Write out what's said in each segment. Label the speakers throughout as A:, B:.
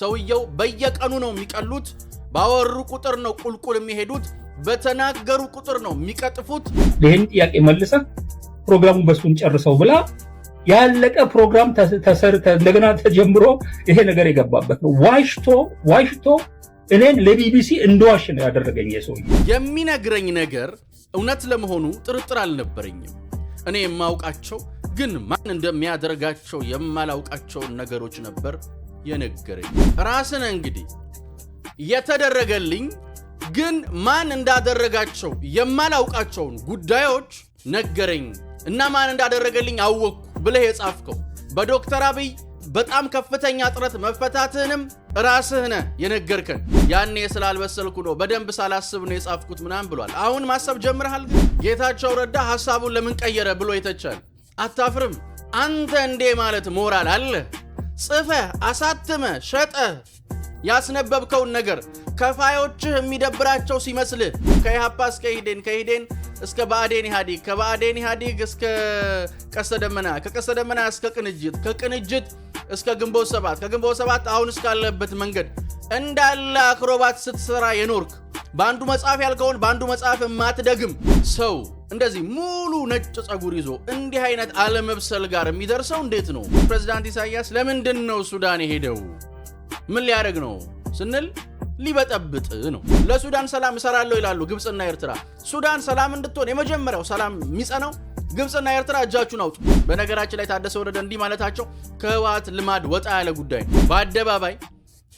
A: ሰውየው በየቀኑ ነው የሚቀሉት። ባወሩ ቁጥር ነው ቁልቁል የሚሄዱት። በተናገሩ ቁጥር ነው የሚቀጥፉት።
B: ይህን ጥያቄ መልሰ ፕሮግራሙ በሱን ጨርሰው ብላ ያለቀ ፕሮግራም እንደገና ተጀምሮ ይሄ ነገር የገባበት ነው። ዋሽቶ ዋሽቶ እኔን ለቢቢሲ እንደዋሽ ነው ያደረገኝ። የሰው
A: የሚነግረኝ ነገር እውነት ለመሆኑ ጥርጥር አልነበረኝም። እኔ የማውቃቸው ግን ማን እንደሚያደርጋቸው የማላውቃቸውን ነገሮች ነበር የነገረኝ። ራስን እንግዲህ የተደረገልኝ ግን ማን እንዳደረጋቸው የማላውቃቸውን ጉዳዮች ነገረኝ እና ማን እንዳደረገልኝ አወቅኩ ብለህ የጻፍከው በዶክተር አብይ በጣም ከፍተኛ ጥረት መፈታትህንም ራስህ ነህ የነገርከን። ያኔ ስላልበሰልኩ ነው በደንብ ሳላስብ ነው የጻፍኩት ምናምን ብሏል። አሁን ማሰብ ጀምረሃል። ጌታቸው ረዳ ሀሳቡን ለምን ቀየረ ብሎ ይተቻል። አታፍርም አንተ እንዴ ማለት ሞራል አለ ጽፈ፣ አሳትመ፣ ሸጠ ያስነበብከውን ነገር ከፋዮችህ የሚደብራቸው ሲመስልህ ከኢህአፓ እስከ ኢህዴን ከኢህዴን እስከ ብአዴን ኢህአዴግ ከብአዴን ኢህአዴግ እስከ ቀስተ ደመና ከቀስተ ደመና እስከ ቅንጅት ከቅንጅት እስከ ግንቦት ሰባት ከግንቦት ሰባት አሁን እስካለበት መንገድ እንዳለ አክሮባት ስትሰራ የኖርክ በአንዱ መጽሐፍ ያልከውን በአንዱ መጽሐፍ የማትደግም ሰው እንደዚህ ሙሉ ነጭ ጸጉር ይዞ እንዲህ አይነት አለመብሰል ጋር የሚደርሰው እንዴት ነው? ፕሬዝዳንት ኢሳያስ ለምንድን ነው ሱዳን የሄደው? ምን ሊያደርግ ነው ስንል ሊበጠብጥ ነው። ለሱዳን ሰላም እሰራለሁ ይላሉ ግብፅና ኤርትራ። ሱዳን ሰላም እንድትሆን የመጀመሪያው ሰላም የሚጸነው ግብፅና ኤርትራ እጃችሁን አውጡ። በነገራችን ላይ ታደሰ ወረደ እንዲህ ማለታቸው ከህወሓት ልማድ ወጣ ያለ ጉዳይ ነው። በአደባባይ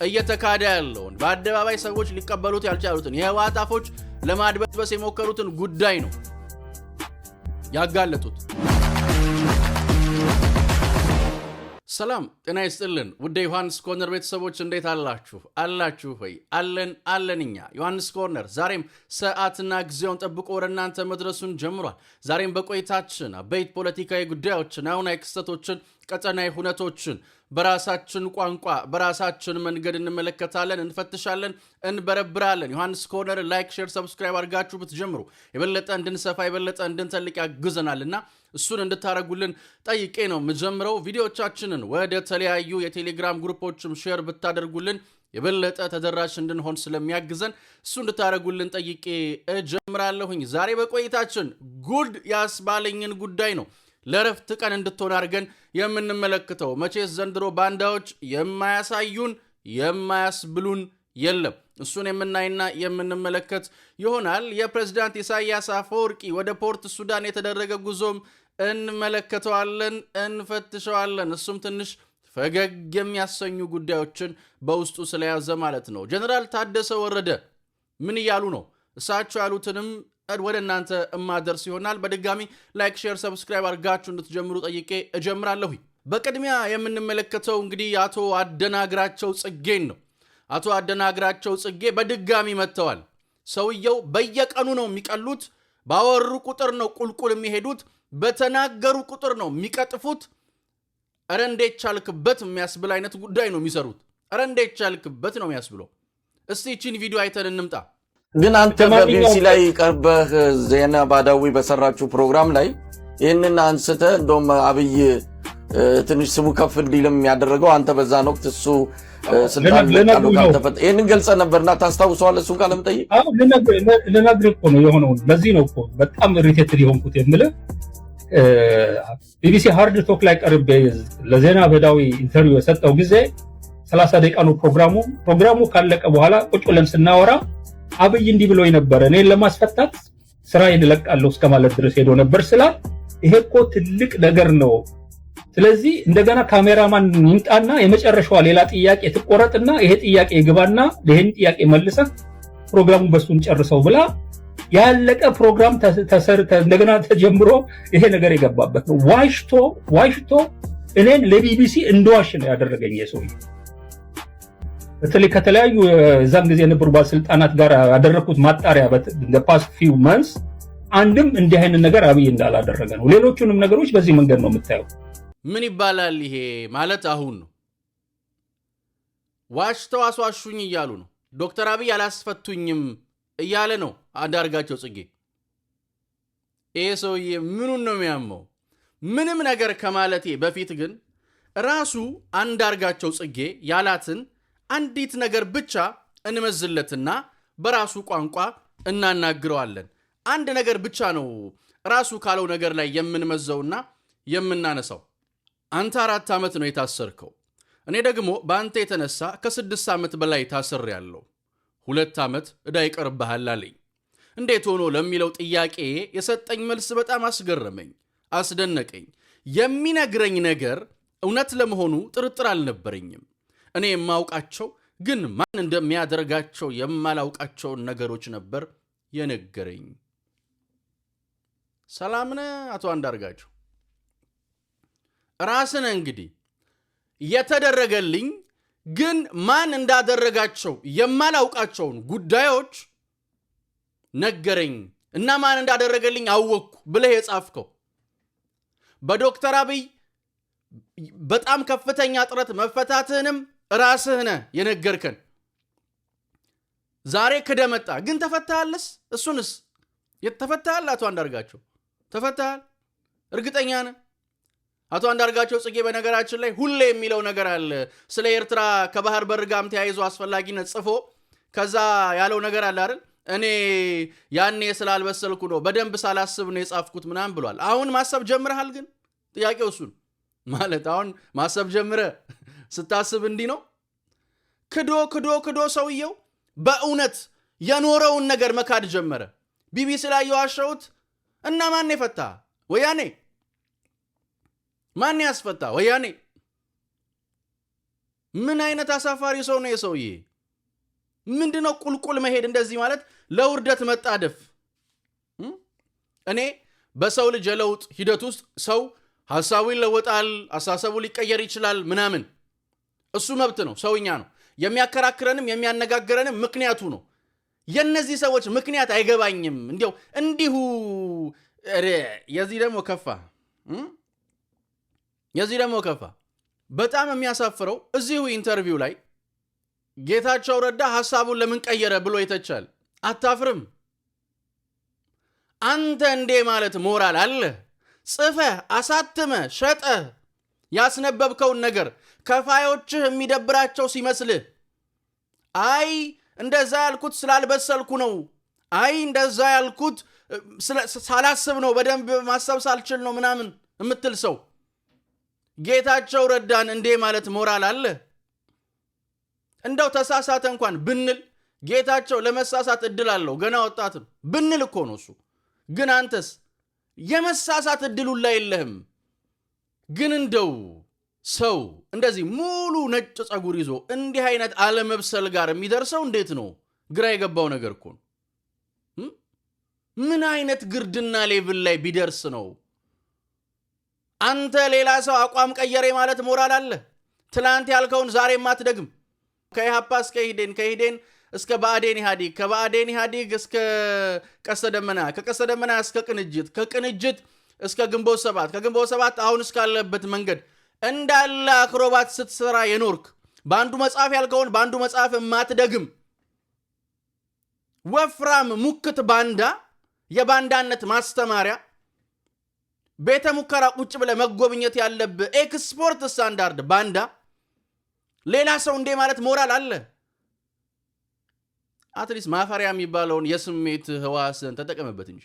A: እየተካደ ያለውን በአደባባይ ሰዎች ሊቀበሉት ያልቻሉትን የህወሓት አፎች ለማድበስበስ የሞከሩትን ጉዳይ ነው ያጋለጡት። ሰላም ጤና ይስጥልን ውደ ዮሐንስ ኮርነር ቤተሰቦች እንዴት አላችሁ? አላችሁ ወይ? አለን አለን። እኛ ዮሐንስ ኮርነር ዛሬም ሰዓትና ጊዜውን ጠብቆ ወደ እናንተ መድረሱን ጀምሯል። ዛሬም በቆይታችን አበይት ፖለቲካዊ ጉዳዮችን፣ አሁናዊ ክስተቶችን፣ ቀጠናዊ ሁነቶችን በራሳችን ቋንቋ በራሳችን መንገድ እንመለከታለን፣ እንፈትሻለን፣ እንበረብራለን። ዮሐንስ ኮርነር ላይክ፣ ሼር፣ ሰብስክራይብ አድርጋችሁ ብትጀምሩ የበለጠ እንድንሰፋ የበለጠ እንድንተልቅ ያግዘናል እና እሱን እንድታደረጉልን ጠይቄ ነው የምጀምረው። ቪዲዮቻችንን ወደ ተለያዩ የቴሌግራም ግሩፖችም ሼር ብታደርጉልን የበለጠ ተደራሽ እንድንሆን ስለሚያግዘን እሱ እንድታደረጉልን ጠይቄ እጀምራለሁኝ። ዛሬ በቆይታችን ጉድ ያስባለኝን ጉዳይ ነው ለረፍት ቀን እንድትሆን አድርገን የምንመለክተው። መቼስ ዘንድሮ ባንዳዎች የማያሳዩን የማያስብሉን የለም። እሱን የምናይና የምንመለከት ይሆናል። የፕሬዝዳንት ኢሳያስ አፈወርቂ ወደ ፖርት ሱዳን የተደረገ ጉዞም እንመለከተዋለን፣ እንፈትሸዋለን። እሱም ትንሽ ፈገግ የሚያሰኙ ጉዳዮችን በውስጡ ስለያዘ ማለት ነው። ጀነራል ታደሰ ወረደ ምን እያሉ ነው? እሳቸው ያሉትንም ወደ እናንተ እማደርስ ይሆናል። በድጋሚ ላይክ፣ ሼር፣ ሰብስክራይብ አድርጋችሁ እንድትጀምሩ ጠይቄ እጀምራለሁ። በቅድሚያ የምንመለከተው እንግዲህ የአቶ አደናግራቸው ጽጌን ነው። አቶ አደናግራቸው ጽጌ በድጋሚ መጥተዋል። ሰውየው በየቀኑ ነው የሚቀሉት። ባወሩ ቁጥር ነው ቁልቁል የሚሄዱት። በተናገሩ ቁጥር ነው የሚቀጥፉት። እረ እንዴት ቻልክበት የሚያስብል አይነት ጉዳይ ነው የሚሰሩት። እረ እንዴት ቻልክበት ነው የሚያስብለው። እስቲ ይችን ቪዲዮ አይተን እንምጣ። ግን አንተ በቢቢሲ ላይ ቀርበህ ዜና ባዳዊ በሰራችሁ ፕሮግራም ላይ ይህንን አንስተ እንደውም አብይ ትንሽ ስሙ ከፍ እንዲልም ያደረገው አንተ በዛን ወቅት እሱ ስልጣን ይህንን ገልጸ ነበርና ታስታውሰዋለህ? እሱን ቃለ መጠይቅ ልነግርህ እኮ ነው የሆነውን። ለዚህ ነው እኮ በጣም ሪቴት ሊሆንኩት የምልህ ቢቢሲ ሃርድ ቶክ ላይ ቀርቤ ለዜና በዳዊ ኢንተርቪው የሰጠው ጊዜ ሰላሳ ደቂቃ ነው ፕሮግራሙ። ፕሮግራሙ ካለቀ በኋላ ቁጭ ብለን ስናወራ አብይ እንዲህ ብሎ ነበር፣ እኔን ለማስፈታት ስራዬን እስከ እስከማለት ድረስ ሄዶ ነበር ስላል፣ ይሄ እኮ ትልቅ ነገር ነው። ስለዚህ እንደገና ካሜራማን ይምጣና የመጨረሻዋ ሌላ ጥያቄ ትቆረጥና ይሄ ጥያቄ ግባና ይሄን ጥያቄ መልሰ ፕሮግራሙን በሱን ጨርሰው ብላ ያለቀ ፕሮግራም እንደገና ተጀምሮ ይሄ ነገር የገባበት ነው። ዋሽቶ ዋሽቶ እኔን ለቢቢሲ እንደዋሽ ነው ያደረገኝ የሰውዬው በተለይ ከተለያዩ እዛም ጊዜ የነበሩ ባለስልጣናት ጋር ያደረግኩት ማጣሪያ ፓስት ፊው መንስ አንድም እንዲህ አይነት ነገር አብይ እንዳላደረገ ነው። ሌሎቹንም ነገሮች በዚህ መንገድ ነው የምታየው። ምን ይባላል ይሄ ማለት አሁን ነው ዋሽተው አስዋሹኝ እያሉ ነው። ዶክተር አብይ አላስፈቱኝም እያለ ነው አንዳርጋቸው ጽጌ። ይሄ ሰውዬ ምኑን ነው የሚያመው? ምንም ነገር ከማለቴ በፊት ግን ራሱ አንዳርጋቸው ጽጌ ያላትን አንዲት ነገር ብቻ እንመዝለትና በራሱ ቋንቋ እናናግረዋለን። አንድ ነገር ብቻ ነው ራሱ ካለው ነገር ላይ የምንመዘውና የምናነሳው። አንተ አራት ዓመት ነው የታሰርከው፣ እኔ ደግሞ በአንተ የተነሳ ከስድስት ዓመት በላይ ታስር ያለው ሁለት ዓመት ዕዳ ይቀርብሃል አለኝ። እንዴት ሆኖ ለሚለው ጥያቄ የሰጠኝ መልስ በጣም አስገረመኝ፣ አስደነቀኝ። የሚነግረኝ ነገር እውነት ለመሆኑ ጥርጥር አልነበረኝም። እኔ የማውቃቸው ግን ማን እንደሚያደርጋቸው የማላውቃቸውን ነገሮች ነበር የነገረኝ። ሰላምነ ነህ አቶ አንዳርጋቸው? ራስነ እንግዲህ የተደረገልኝ ግን ማን እንዳደረጋቸው የማላውቃቸውን ጉዳዮች ነገረኝ እና ማን እንዳደረገልኝ አወቅኩ ብለህ የጻፍከው በዶክተር አብይ በጣም ከፍተኛ ጥረት መፈታትህንም ራስህ የነገርከን። ዛሬ ክደመጣ ግን ተፈታሃለስ? እሱንስ ተፈታሃል? አቶ አንዳርጋቸው ተፈታሃል? እርግጠኛ ነህ? አቶ አንዳርጋቸው ጽጌ በነገራችን ላይ ሁሌ የሚለው ነገር አለ። ስለ ኤርትራ ከባህር በር ጋም ተያይዞ አስፈላጊነት ጽፎ ከዛ ያለው ነገር አለ አይደል? እኔ ያኔ ስላልበሰልኩ ነው በደንብ ሳላስብ ነው የጻፍኩት ምናምን ብሏል። አሁን ማሰብ ጀምረሃል? ግን ጥያቄው እሱን ማለት አሁን ማሰብ ጀምረ ስታስብ እንዲህ ነው። ክዶ ክዶ ክዶ ሰውየው በእውነት የኖረውን ነገር መካድ ጀመረ። ቢቢሲ ላይ የዋሸሁት እና ማን የፈታ ወያኔ፣ ማን ያስፈታ ወያኔ። ምን አይነት አሳፋሪ ሰው ነው የሰውዬ! ምንድነው ቁልቁል መሄድ እንደዚህ ማለት ለውርደት መጣደፍ። እኔ በሰው ልጅ የለውጥ ሂደት ውስጥ ሰው ሀሳቡ ይለወጣል፣ አሳሰቡ ሊቀየር ይችላል ምናምን እሱ መብት ነው፣ ሰውኛ ነው። የሚያከራክረንም የሚያነጋግረንም ምክንያቱ ነው። የእነዚህ ሰዎች ምክንያት አይገባኝም። እንዲያው እንዲሁ የዚህ ደግሞ ከፋ የዚህ ደግሞ ከፋ። በጣም የሚያሳፍረው እዚሁ ኢንተርቪው ላይ ጌታቸው ረዳ ሀሳቡን ለምን ቀየረ ብሎ ይተቻል። አታፍርም አንተ እንዴ ማለት ሞራል አለ? ጽፈ አሳትመ ሸጠ? ያስነበብከውን ነገር ከፋዮችህ የሚደብራቸው ሲመስልህ አይ እንደዛ ያልኩት ስላልበሰልኩ ነው፣ አይ እንደዛ ያልኩት ሳላስብ ነው፣ በደንብ ማሰብ ሳልችል ነው ምናምን የምትል ሰው ጌታቸው ረዳን እንዴ ማለት ሞራል አለ? እንደው ተሳሳተ እንኳን ብንል ጌታቸው ለመሳሳት እድል አለው፣ ገና ወጣትም ብንል እኮ ነው እሱ። ግን አንተስ የመሳሳት እድሉላ የለህም። ግን እንደው ሰው እንደዚህ ሙሉ ነጭ ጸጉር ይዞ እንዲህ አይነት አለመብሰል ጋር የሚደርሰው እንዴት ነው? ግራ የገባው ነገር እኮ ነው። ምን አይነት ግርድና ሌቭል ላይ ቢደርስ ነው? አንተ ሌላ ሰው አቋም ቀየሬ ማለት ሞራል አለ? ትላንት ያልከውን ዛሬ ማትደግም ከኢህአፓ እስከ ኢህዴን ከኢህዴን እስከ ብአዴን ኢህአዴግ፣ ከብአዴን ኢህአዴግ እስከ ቀስተ ደመና፣ ከቀስተ ደመና እስከ ቅንጅት፣ ከቅንጅት እስከ ግንቦት ሰባት ከግንቦት ሰባት አሁን እስካለበት መንገድ እንዳለ አክሮባት ስትሰራ የኖርክ በአንዱ መጽሐፍ ያልከውን በአንዱ መጽሐፍ የማትደግም ወፍራም ሙክት ባንዳ፣ የባንዳነት ማስተማሪያ ቤተ ሙከራ ቁጭ ብለ መጎብኘት ያለብ ኤክስፖርት ስታንዳርድ ባንዳ። ሌላ ሰው እንዴ ማለት ሞራል አለ? አትሊስት ማፈሪያ የሚባለውን የስሜት ህዋስን ተጠቀመበት እንጂ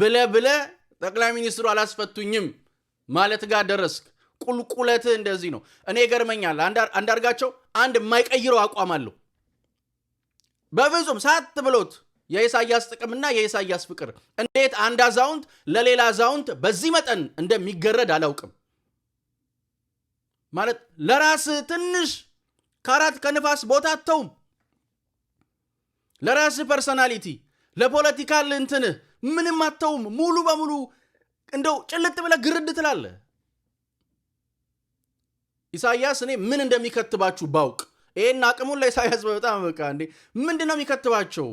A: ብለ ብለ ጠቅላይ ሚኒስትሩ አላስፈቱኝም ማለት ጋር ደረስክ። ቁልቁለት እንደዚህ ነው። እኔ ይገርመኛል። አንዳርጋቸው አንድ የማይቀይረው አቋም አለው። በፍጹም ሳት ብሎት የኢሳያስ ጥቅምና የኢሳያስ ፍቅር እንዴት አንድ አዛውንት ለሌላ አዛውንት በዚህ መጠን እንደሚገረድ አላውቅም። ማለት ለራስ ትንሽ ከአራት ከንፋስ ቦታ አተውም ለራስ ፐርሰናሊቲ ለፖለቲካል እንትንህ ምንም አታውም። ሙሉ በሙሉ እንደው ጭልጥ ብለ ግርድ ትላለ? ኢሳያስ እኔ ምን እንደሚከትባችሁ ባውቅ ይህን አቅሙን ለኢሳያስ በጣም በቃ እንዴ ምንድን ነው የሚከትባቸው?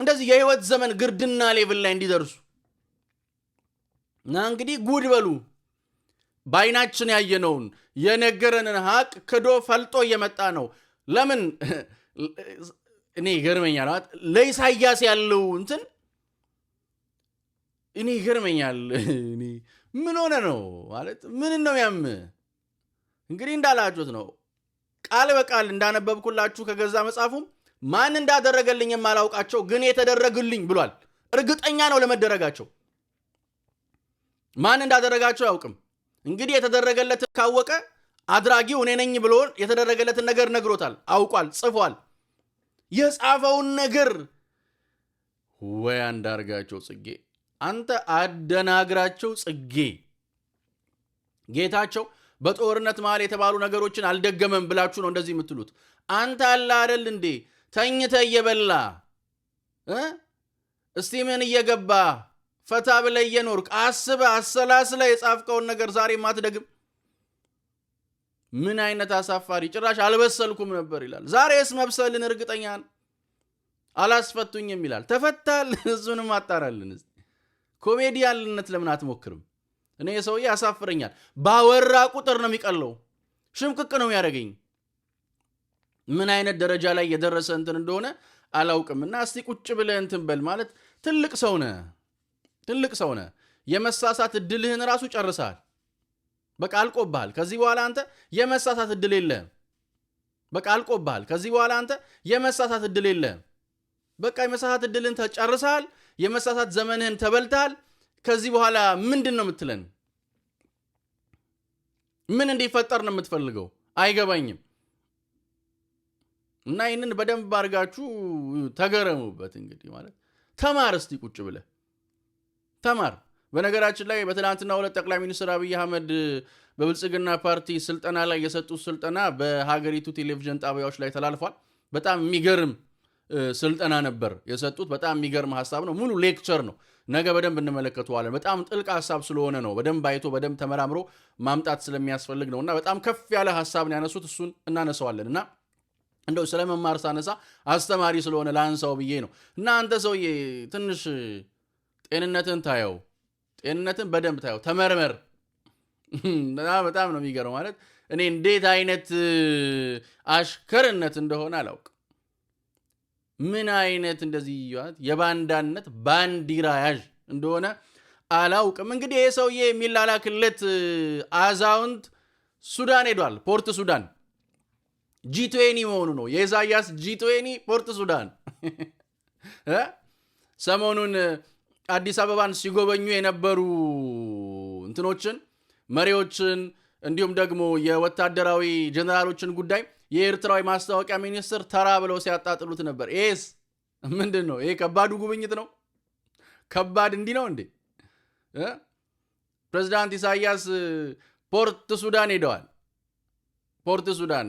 A: እንደዚህ የህይወት ዘመን ግርድና ሌብል ላይ እንዲደርሱ እና እንግዲህ ጉድ በሉ። በአይናችን ያየነውን የነገረንን ሀቅ ክዶ ፈልጦ እየመጣ ነው። ለምን እኔ ገርመኛ ለኢሳያስ ያለው እንትን እኔ ይገርመኛል። እኔ ምን ሆነ ነው ማለት ምን ነው ያም እንግዲህ እንዳላችሁት ነው ቃል በቃል እንዳነበብኩላችሁ ከገዛ መጽሐፉም ማን እንዳደረገልኝ የማላውቃቸው ግን የተደረግልኝ ብሏል። እርግጠኛ ነው ለመደረጋቸው። ማን እንዳደረጋቸው አያውቅም። እንግዲህ የተደረገለትን ካወቀ አድራጊው እኔ ነኝ ብሎ የተደረገለትን ነገር ነግሮታል፣ አውቋል፣ ጽፏል። የጻፈውን ነገር ወይ አንዳርጋቸው ጽጌ አንተ አደናግራቸው ጽጌ ጌታቸው በጦርነት መሃል የተባሉ ነገሮችን አልደገመም ብላችሁ ነው እንደዚህ የምትሉት። አንተ አለ አደል እንዴ ተኝተ እየበላ እስቲምን እየገባ ፈታ ብለ እየኖርክ አስበ አሰላስለ የጻፍከውን ነገር ዛሬ ማትደግም ምን አይነት አሳፋሪ! ጭራሽ አልበሰልኩም ነበር ይላል። ዛሬስ መብሰልን እርግጠኛ አላስፈቱኝም ይላል። ተፈታል። እሱንም አጣራልን። ኮሜዲያንነት ለምን አትሞክርም? እኔ ሰውዬ ያሳፍረኛል። ባወራ ቁጥር ነው የሚቀለው፣ ሽምቅቅ ነው የሚያደርገኝ። ምን አይነት ደረጃ ላይ የደረሰ እንትን እንደሆነ አላውቅም። እና እስቲ ቁጭ ብለህ እንትን በል ማለት ትልቅ ሰው ነህ፣ ትልቅ ሰው ነህ። የመሳሳት እድልህን ራሱ ጨርሰሃል። በቃ አልቆብሃል። ከዚህ በኋላ አንተ የመሳሳት እድል የለህም። በቃ አልቆብሃል። ከዚህ በኋላ አንተ የመሳሳት እድል የለህም። በቃ የመሳሳት እድልን ተጨርሰሃል። የመሳሳት ዘመንህን ተበልተሃል። ከዚህ በኋላ ምንድን ነው የምትለን? ምን እንዲፈጠር ነው የምትፈልገው? አይገባኝም። እና ይህንን በደንብ አድርጋችሁ ተገረሙበት። እንግዲህ ማለት ተማር፣ እስቲ ቁጭ ብለህ ተማር። በነገራችን ላይ በትናንትና ሁለት ጠቅላይ ሚኒስትር አብይ አህመድ በብልጽግና ፓርቲ ስልጠና ላይ የሰጡት ስልጠና በሀገሪቱ ቴሌቪዥን ጣቢያዎች ላይ ተላልፏል። በጣም የሚገርም ስልጠና ነበር የሰጡት። በጣም የሚገርም ሀሳብ ነው። ሙሉ ሌክቸር ነው። ነገ በደንብ እንመለከተዋለን። በጣም ጥልቅ ሀሳብ ስለሆነ ነው በደንብ አይቶ በደንብ ተመራምሮ ማምጣት ስለሚያስፈልግ ነው እና በጣም ከፍ ያለ ሀሳብ ነው ያነሱት። እሱን እናነሰዋለን እና እንደው ስለ መማር ሳነሳ አስተማሪ ስለሆነ ላንሳው ብዬ ነው እና አንተ ሰውዬ ትንሽ ጤንነትን ታየው፣ ጤንነትን በደንብ ታየው፣ ተመርመር። በጣም ነው የሚገርመው ማለት እኔ እንዴት አይነት አሽከርነት እንደሆነ አላውቅ ምን አይነት እንደዚህ የባንዳነት ባንዲራ ያዥ እንደሆነ አላውቅም። እንግዲህ ይሄ ሰውዬ የሚላላክለት አዛውንት ሱዳን ሄዷል። ፖርት ሱዳን ጂቶኒ መሆኑ ነው። የኢሳያስ ጂቶኒ ፖርት ሱዳን ሰሞኑን አዲስ አበባን ሲጎበኙ የነበሩ እንትኖችን መሪዎችን እንዲሁም ደግሞ የወታደራዊ ጀነራሎችን ጉዳይ የኤርትራዊ ማስታወቂያ ሚኒስትር ተራ ብለው ሲያጣጥሉት ነበር። ይህስ ምንድን ነው? ይሄ ከባዱ ጉብኝት ነው። ከባድ እንዲህ ነው እንዴ? ፕሬዚዳንት ኢሳያስ ፖርት ሱዳን ሄደዋል። ፖርት ሱዳን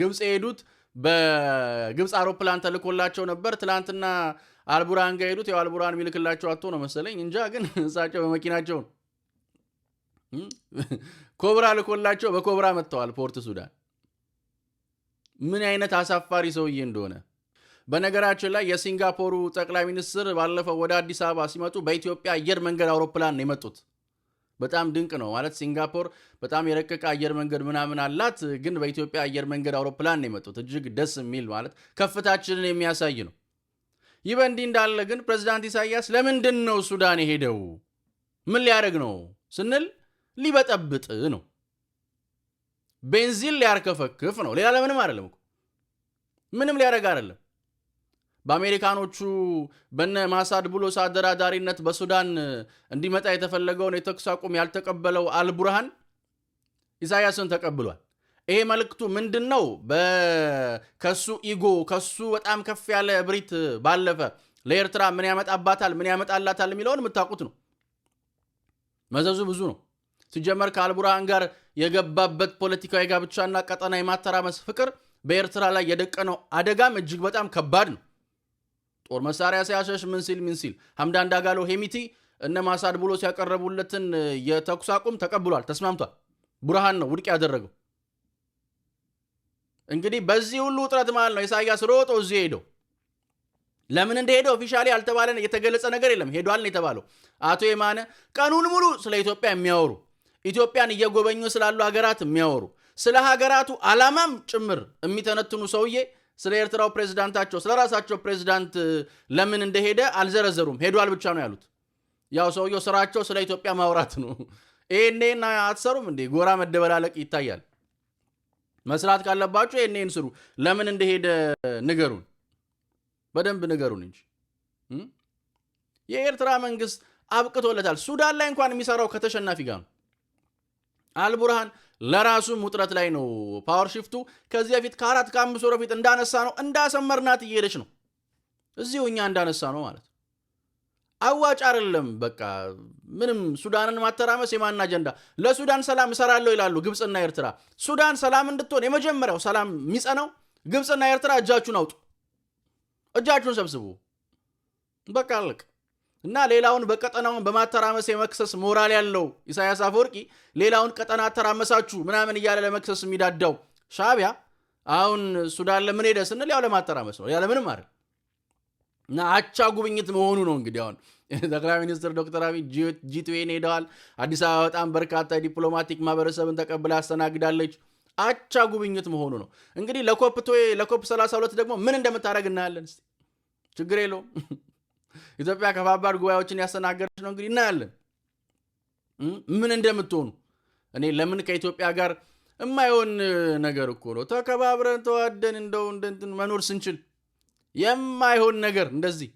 A: ግብፅ የሄዱት በግብፅ አውሮፕላን ተልኮላቸው ነበር። ትናንትና አልቡራን ጋ ሄዱት። ያው አልቡራን የሚልክላቸው አቶ ነው መሰለኝ እንጃ፣ ግን እሳቸው በመኪናቸው ነው ኮብራ ልኮላቸው በኮብራ መጥተዋል ፖርት ሱዳን። ምን አይነት አሳፋሪ ሰውዬ እንደሆነ። በነገራችን ላይ የሲንጋፖሩ ጠቅላይ ሚኒስትር ባለፈው ወደ አዲስ አበባ ሲመጡ በኢትዮጵያ አየር መንገድ አውሮፕላን ነው የመጡት። በጣም ድንቅ ነው ማለት ሲንጋፖር በጣም የረቀቀ አየር መንገድ ምናምን አላት፣ ግን በኢትዮጵያ አየር መንገድ አውሮፕላን ነው የመጡት። እጅግ ደስ የሚል ማለት ከፍታችንን የሚያሳይ ነው። ይህ በእንዲህ እንዳለ ግን ፕሬዚዳንት ኢሳያስ ለምንድን ነው ሱዳን የሄደው? ምን ሊያደርግ ነው ስንል ሊበጠብጥ ነው። ቤንዚን ሊያርከፈክፍ ነው። ሌላ ለምንም አይደለም እኮ ምንም ሊያደርግ አይደለም። በአሜሪካኖቹ በነ ማሳድ ቡሎስ አደራዳሪነት በሱዳን እንዲመጣ የተፈለገውን የተኩስ አቁም ያልተቀበለው አልቡርሃን ኢሳያስን ተቀብሏል። ይሄ መልእክቱ ምንድን ነው? ከሱ ኢጎ ከሱ በጣም ከፍ ያለ እብሪት ባለፈ ለኤርትራ ምን ያመጣባታል፣ ምን ያመጣላታል የሚለውን የምታውቁት ነው። መዘዙ ብዙ ነው። ሲጀመር ከአልቡርሃን ጋር የገባበት ፖለቲካዊ ጋብቻና ቀጠና የማተራመስ ፍቅር በኤርትራ ላይ የደቀነው አደጋም እጅግ በጣም ከባድ ነው። ጦር መሳሪያ ሲያሸሽ ምን ሲል ምን ሲል ሐምዳን ዳጋሎ ሄሚቲ እነ ማሳድ ብሎ ሲያቀረቡለትን የተኩስ አቁም ተቀብሏል፣ ተስማምቷል። ቡርሃን ነው ውድቅ ያደረገው። እንግዲህ በዚህ ሁሉ ውጥረት ማለት ነው ኢሳያስ ሮጦ እዚህ ሄደው ለምን እንደሄደ ኦፊሻሊ አልተባለ የተገለጸ ነገር የለም። ሄዷል ነው የተባለው። አቶ የማነ ቀኑን ሙሉ ስለ ኢትዮጵያ የሚያወሩ ኢትዮጵያን እየጎበኙ ስላሉ ሀገራት የሚያወሩ ስለ ሀገራቱ ዓላማም ጭምር የሚተነትኑ ሰውዬ ስለ ኤርትራው ፕሬዚዳንታቸው ስለ ራሳቸው ፕሬዚዳንት ለምን እንደሄደ አልዘረዘሩም። ሄዷል ብቻ ነው ያሉት። ያው ሰውየው ስራቸው ስለ ኢትዮጵያ ማውራት ነው። ይሄኔና አትሰሩም እንዴ? ጎራ መደበላለቅ ይታያል። መስራት ካለባችሁ ይሄኔን ስሩ። ለምን እንደሄደ ንገሩን፣ በደንብ ንገሩን እንጂ የኤርትራ መንግስት አብቅቶለታል። ሱዳን ላይ እንኳን የሚሰራው ከተሸናፊ ጋር ነው። አልቡርሃን ለራሱም ውጥረት ላይ ነው። ፓወር ሽፍቱ ከዚህ በፊት ከአራት ከአምስት ወር በፊት እንዳነሳ ነው እንዳሰመርናት እየሄደች ነው። እዚሁ እኛ እንዳነሳ ነው ማለት አዋጭ አይደለም። በቃ ምንም ሱዳንን ማተራመስ የማን አጀንዳ? ለሱዳን ሰላም እሰራለሁ ይላሉ ግብፅና ኤርትራ። ሱዳን ሰላም እንድትሆን የመጀመሪያው ሰላም የሚጸነው ግብፅና ኤርትራ እጃችሁን አውጡ፣ እጃችሁን ሰብስቡ። በቃ አለቅ እና ሌላውን በቀጠናውን በማተራመስ የመክሰስ ሞራል ያለው ኢሳያስ አፈወርቂ ሌላውን ቀጠና አተራመሳችሁ ምናምን እያለ ለመክሰስ የሚዳዳው ሻቢያ አሁን ሱዳን ለምን ሄደ ስንል ያው ለማተራመስ ነው ያለምንም አይደል። እና አቻ ጉብኝት መሆኑ ነው እንግዲህ አሁን ጠቅላይ ሚኒስትር ዶክተር አብይ ጂትዌን ሄደዋል። አዲስ አበባ በጣም በርካታ የዲፕሎማቲክ ማህበረሰብን ተቀብላ ያስተናግዳለች። አቻ ጉብኝት መሆኑ ነው እንግዲህ ለኮፕ ለኮፕ 32 ደግሞ ምን እንደምታደርግ እናያለን። ችግር የለውም። ኢትዮጵያ ከባባድ ጉባኤዎችን ያስተናገደች ነው። እንግዲህ እናያለን ምን እንደምትሆኑ። እኔ ለምን ከኢትዮጵያ ጋር የማይሆን ነገር እኮ ነው። ተከባብረን ተዋደን እንደው እንደንትን መኖር ስንችል የማይሆን ነገር እንደዚህ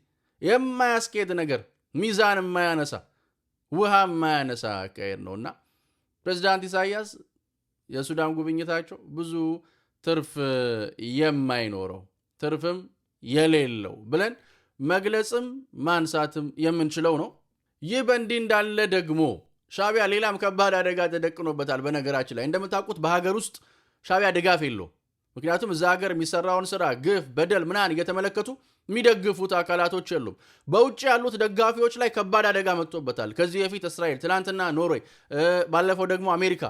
A: የማያስኬድ ነገር ሚዛን የማያነሳ ውሃ የማያነሳ አካሄድ ነው እና ፕሬዚዳንት ኢሳያስ የሱዳን ጉብኝታቸው ብዙ ትርፍ የማይኖረው ትርፍም የሌለው ብለን መግለጽም ማንሳትም የምንችለው ነው። ይህ በእንዲህ እንዳለ ደግሞ ሻቢያ ሌላም ከባድ አደጋ ተደቅኖበታል። በነገራችን ላይ እንደምታውቁት በሀገር ውስጥ ሻቢያ ድጋፍ የለው። ምክንያቱም እዛ ሀገር የሚሰራውን ስራ፣ ግፍ፣ በደል ምናን እየተመለከቱ የሚደግፉት አካላቶች የሉም። በውጭ ያሉት ደጋፊዎች ላይ ከባድ አደጋ መጥቶበታል። ከዚህ በፊት እስራኤል፣ ትናንትና ኖርዌይ፣ ባለፈው ደግሞ አሜሪካ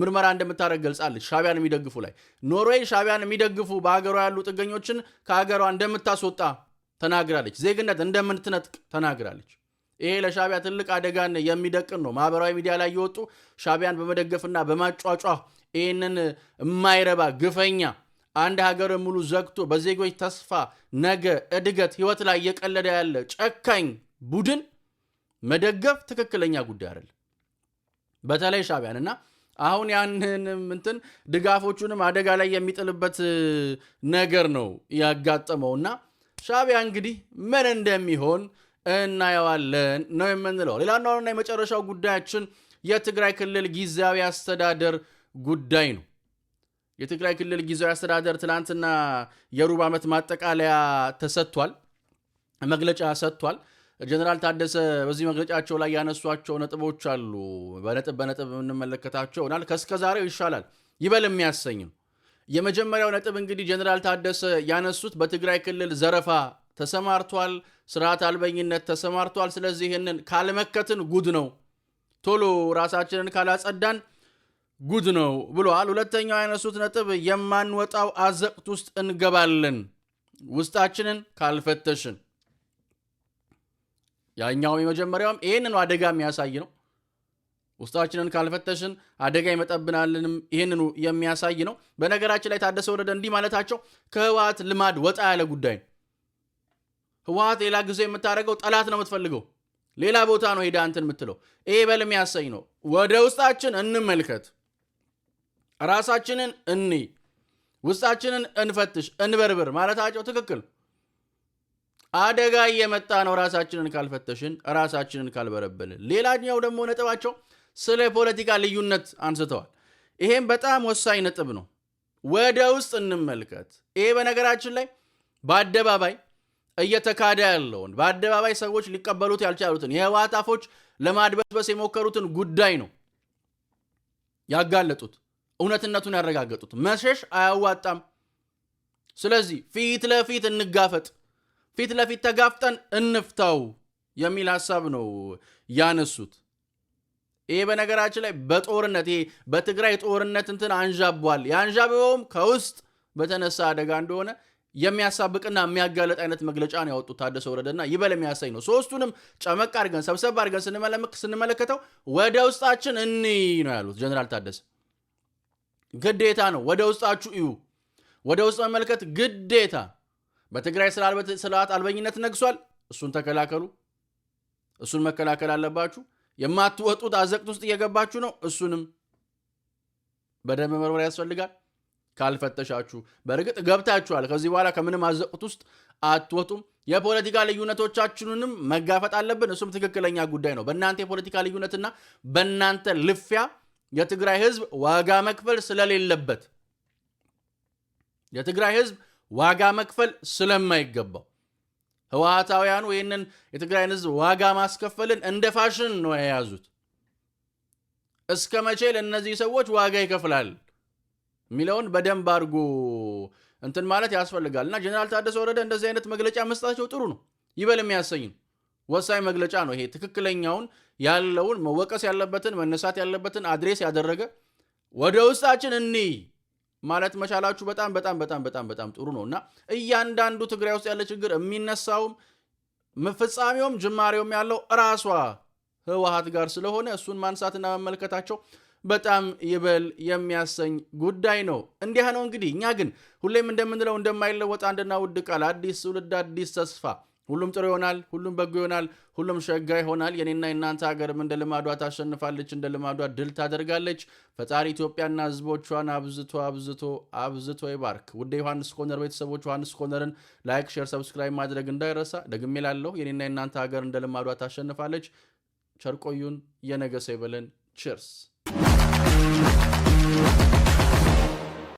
A: ምርመራ እንደምታደረግ ገልጻለች። ሻቢያን የሚደግፉ ላይ ኖርዌይ ሻቢያን የሚደግፉ በሀገሯ ያሉ ጥገኞችን ከሀገሯ እንደምታስወጣ ተናግራለች። ዜግነት እንደምንትነጥቅ ተናግራለች። ይሄ ለሻቢያ ትልቅ አደጋን የሚደቅን ነው። ማህበራዊ ሚዲያ ላይ የወጡ ሻቢያን በመደገፍና በማጫጫ ይህንን የማይረባ ግፈኛ አንድ ሀገር ሙሉ ዘግቶ በዜጎች ተስፋ፣ ነገ፣ እድገት፣ ህይወት ላይ እየቀለደ ያለ ጨካኝ ቡድን መደገፍ ትክክለኛ ጉዳይ አይደለም። በተለይ ሻቢያን እና አሁን ያንንም እንትን ድጋፎቹንም አደጋ ላይ የሚጥልበት ነገር ነው ያጋጠመውና ሻቢያ እንግዲህ ምን እንደሚሆን እናየዋለን ነው የምንለው። ሌላኛውና የመጨረሻው ጉዳያችን የትግራይ ክልል ጊዜያዊ አስተዳደር ጉዳይ ነው። የትግራይ ክልል ጊዜያዊ አስተዳደር ትናንትና የሩብ ዓመት ማጠቃለያ ተሰጥቷል፣ መግለጫ ሰጥቷል። ጀኔራል ታደሰ በዚህ መግለጫቸው ላይ ያነሷቸው ነጥቦች አሉ። በነጥብ በነጥብ የምንመለከታቸው ናል ከእስከ ዛሬው ይሻላል ይበል የሚያሰኝም የመጀመሪያው ነጥብ እንግዲህ ጀኔራል ታደሰ ያነሱት በትግራይ ክልል ዘረፋ ተሰማርቷል፣ ስርዓት አልበኝነት ተሰማርቷል። ስለዚህ ይህንን ካልመከትን ጉድ ነው፣ ቶሎ ራሳችንን ካላጸዳን ጉድ ነው ብለዋል። ሁለተኛው ያነሱት ነጥብ የማንወጣው አዘቅት ውስጥ እንገባለን ውስጣችንን ካልፈተሽን። ያኛውም የመጀመሪያውም ይህንኑ አደጋ የሚያሳይ ነው። ውስጣችንን ካልፈተሽን አደጋ ይመጠብናልንም ይህንኑ የሚያሳይ ነው። በነገራችን ላይ ታደሰ ወረደ እንዲህ ማለታቸው ከህወሀት ልማድ ወጣ ያለ ጉዳይ ነው። ህወሀት ሌላ ጊዜ የምታደርገው ጠላት ነው የምትፈልገው ሌላ ቦታ ነው ሄዳ እንትን የምትለው ይሄ በል የሚያሳይ ነው። ወደ ውስጣችን እንመልከት፣ ራሳችንን እኒ ውስጣችንን እንፈትሽ፣ እንበርብር ማለታቸው ትክክል። አደጋ እየመጣ ነው ራሳችንን ካልፈተሽን፣ ራሳችንን ካልበረበልን። ሌላኛው ደግሞ ነጥባቸው ስለ ፖለቲካ ልዩነት አንስተዋል። ይሄም በጣም ወሳኝ ነጥብ ነው። ወደ ውስጥ እንመልከት። ይሄ በነገራችን ላይ በአደባባይ እየተካደ ያለውን በአደባባይ ሰዎች ሊቀበሉት ያልቻሉትን የህወሓት አፎች ለማድበስበስ የሞከሩትን ጉዳይ ነው ያጋለጡት፣ እውነትነቱን ያረጋገጡት። መሸሽ አያዋጣም። ስለዚህ ፊት ለፊት እንጋፈጥ፣ ፊት ለፊት ተጋፍጠን እንፍታው የሚል ሀሳብ ነው ያነሱት። ይሄ በነገራችን ላይ በጦርነት ይሄ በትግራይ ጦርነት እንትን አንዣቧል። የአንዣበበውም ከውስጥ በተነሳ አደጋ እንደሆነ የሚያሳብቅና የሚያጋለጥ አይነት መግለጫ ነው ያወጡት ታደሰ ወረደና ይበል የሚያሳይ ነው። ሶስቱንም ጨመቅ አድርገን ሰብሰብ አድርገን ስንመለከተው ወደ ውስጣችን እኒ ነው ያሉት ጀነራል ታደሰ። ግዴታ ነው ወደ ውስጣችሁ እዩ፣ ወደ ውስጥ መመልከት ግዴታ። በትግራይ ስርዓት አልበኝነት ነግሷል። እሱን ተከላከሉ፣ እሱን መከላከል አለባችሁ። የማትወጡት አዘቅት ውስጥ እየገባችሁ ነው። እሱንም በደንብ መርመር ያስፈልጋል። ካልፈተሻችሁ በእርግጥ ገብታችኋል። ከዚህ በኋላ ከምንም አዘቅት ውስጥ አትወጡም። የፖለቲካ ልዩነቶቻችንንም መጋፈጥ አለብን። እሱም ትክክለኛ ጉዳይ ነው። በእናንተ የፖለቲካ ልዩነትና በእናንተ ልፊያ የትግራይ ሕዝብ ዋጋ መክፈል ስለሌለበት የትግራይ ሕዝብ ዋጋ መክፈል ስለማይገባው ህወሀታውያኑ ይህንን የትግራይን ህዝብ ዋጋ ማስከፈልን እንደ ፋሽን ነው የያዙት። እስከ መቼ ለእነዚህ ሰዎች ዋጋ ይከፍላል የሚለውን በደንብ አድርጎ እንትን ማለት ያስፈልጋል። እና ጀኔራል ታደሰ ወረደ እንደዚህ አይነት መግለጫ መስጣቸው ጥሩ ነው፣ ይበል የሚያሰኝ ነው። ወሳኝ መግለጫ ነው ይሄ። ትክክለኛውን ያለውን መወቀስ ያለበትን መነሳት ያለበትን አድሬስ ያደረገ ወደ ውስጣችን እኒ ማለት መቻላችሁ በጣም በጣም በጣም በጣም በጣም ጥሩ ነው እና እያንዳንዱ ትግራይ ውስጥ ያለ ችግር የሚነሳውም ፍጻሜውም ጅማሬውም ያለው እራሷ ህወሓት ጋር ስለሆነ እሱን ማንሳትና መመልከታቸው በጣም ይበል የሚያሰኝ ጉዳይ ነው። እንዲያ ነው እንግዲህ እኛ ግን ሁሌም እንደምንለው እንደማይለወጥ አንድና ውድ ቃል አዲስ ትውልድ አዲስ ተስፋ ሁሉም ጥሩ ይሆናል፣ ሁሉም በጎ ይሆናል፣ ሁሉም ሸጋ ይሆናል። የኔና የናንተ ሀገርም እንደ ልማዷ ታሸንፋለች፣ እንደ ልማዷ ድል ታደርጋለች። ፈጣሪ ኢትዮጵያና ሕዝቦቿን አብዝቶ አብዝቶ አብዝቶ ይባርክ። ውደ ዮሐንስ ኮነር ቤተሰቦች ዮሐንስ ኮነርን ላይክ፣ ሼር፣ ሰብስክራይብ ማድረግ እንዳይረሳ። ደግሜ ላለሁ የኔና የናንተ ሀገር እንደ ልማዷ ታሸንፋለች። ቸርቆዩን የነገሰ ይበለን። ችርስ